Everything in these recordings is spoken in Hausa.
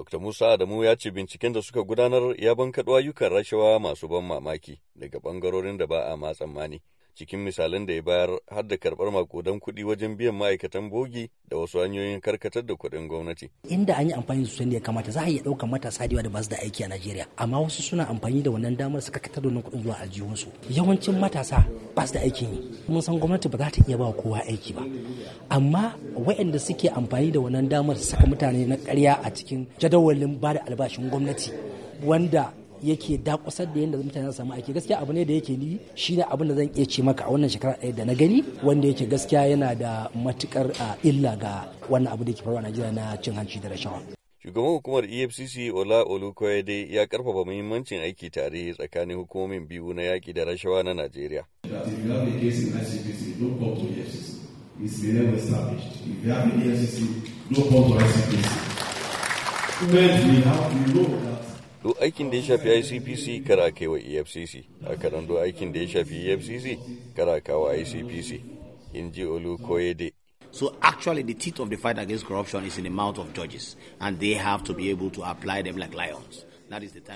Dr. Musa Adamu ya ce binciken da suka gudanar ya bankaɗo ayyukan rashawa masu ban mamaki daga ɓangarorin da ba a ma tsammani. cikin misalin da ya bayar har da karbar makudan kuɗi wajen biyan ma'aikatan bogi da wasu hanyoyin karkatar da kuɗin gwamnati. Inda an yi amfani da su da ya kamata za a iya ɗaukar matasa da da ba su da aiki a Najeriya amma wasu suna amfani da wannan damar su karkatar da wannan kuɗin zuwa aljihunsu. Yawancin matasa ba su da aikin yi mun san gwamnati ba za ta iya ba kowa aiki ba amma waɗanda suke amfani da wannan damar su saka mutane na karya a cikin jadawalin ba da albashin gwamnati wanda yake dakusar da yadda mutane za su samu aiki gaskiya abu ne da yake ni shi ne abin da zan iya ce maka a wannan shekara ɗaya da na gani wanda yake gaskiya yana da matukar illa ga wannan abu da yake faruwa a Najeriya na cin hanci da rashawa. Shugaban hukumar EFCC Ola Olukoyede ya karfafa muhimmancin aiki tare tsakanin hukumomin biyu na yaki da rashawa na Najeriya. Currently, how do you know duk aikin da ya shafi icpc kara kaiwa wa efcc a karan duk aikin da ya shafi efcc kara kawa icpc in ji olu koyede So actually, the teeth of the fight against corruption is in the mouth of judges, and they have to be able to apply them like lions.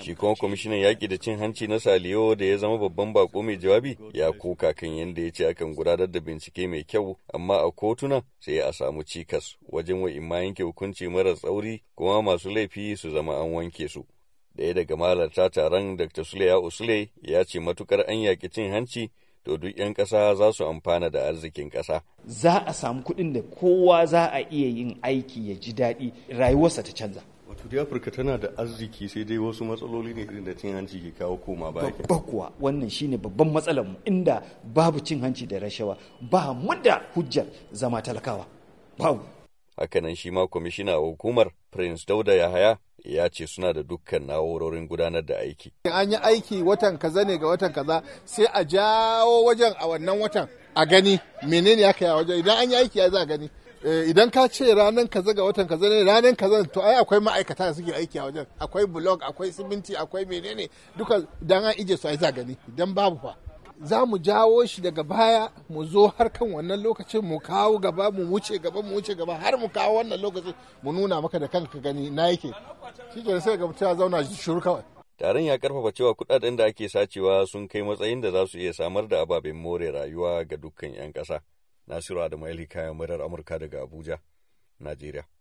Shi kuma kwamishinan yaƙi da cin hanci na Saliyo da ya zama babban bako mai jawabi ya koka kan yadda ya ce akan gudanar da bincike mai kyau amma a kotuna sai a samu cikas wajen wa ma yanke hukunci mara tsauri kuma masu laifi su zama an wanke su. Ɗaya daga malarta taron Dr. Suleya Usule ya ce matukar an yaƙi cin hanci to duk 'yan ƙasa za su amfana da arzikin ƙasa. Za a samu kuɗin da kowa za a iya yin aiki ya ji daɗi rayuwarsa ta canza. Wato dai Afirka tana da arziki sai dai wasu matsaloli ne irin da cin hanci ke kawo koma ba. Babba kuwa wannan shine babban matsalar mu inda babu cin hanci da rashawa ba mu da hujjar zama talakawa. Babu. Hakanan shi ma kwamishina a hukumar Prince Dauda Yahaya ya ce suna da dukkan na'urorin gudanar da aiki. An yi aiki watan kaza ne ga watan kaza sai a jawo wajen a wannan watan a gani menene ya kai a wajen idan an yi aiki ya za a gani. Eh, idan ka ce ranar kaza ga watan kaza ne ranar kaza to ai akwai ma'aikata da suke aiki a wajen akwai blog akwai siminti akwai menene duka dan an ije su ai za a gani idan babu fa. za mu jawo shi daga baya mu zo har kan wannan lokacin mu kawo gaba mu wuce gaba mu wuce gaba har mu kawo wannan lokacin mu nuna maka da kanka gani na yake shi ke sai ga mutum ya zauna shuru kawai taron ya karfafa cewa kudaden da ake sacewa sun kai matsayin da za su iya samar da ababen more rayuwa ga dukkan 'yan kasa nasiru adamu kayan murar amurka daga abuja najeriya